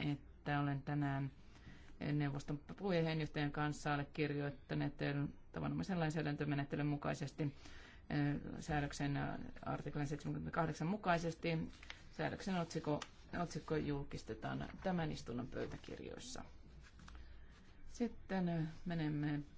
että olen tänään neuvoston puheenjohtajan kanssa allekirjoittaneet tavanomaisen lainsäädäntömenettelyn mukaisesti säädöksen artiklan 78 mukaisesti. Säädöksen otsikko, otsikko julkistetaan tämän istunnon pöytäkirjoissa. Sitten menemme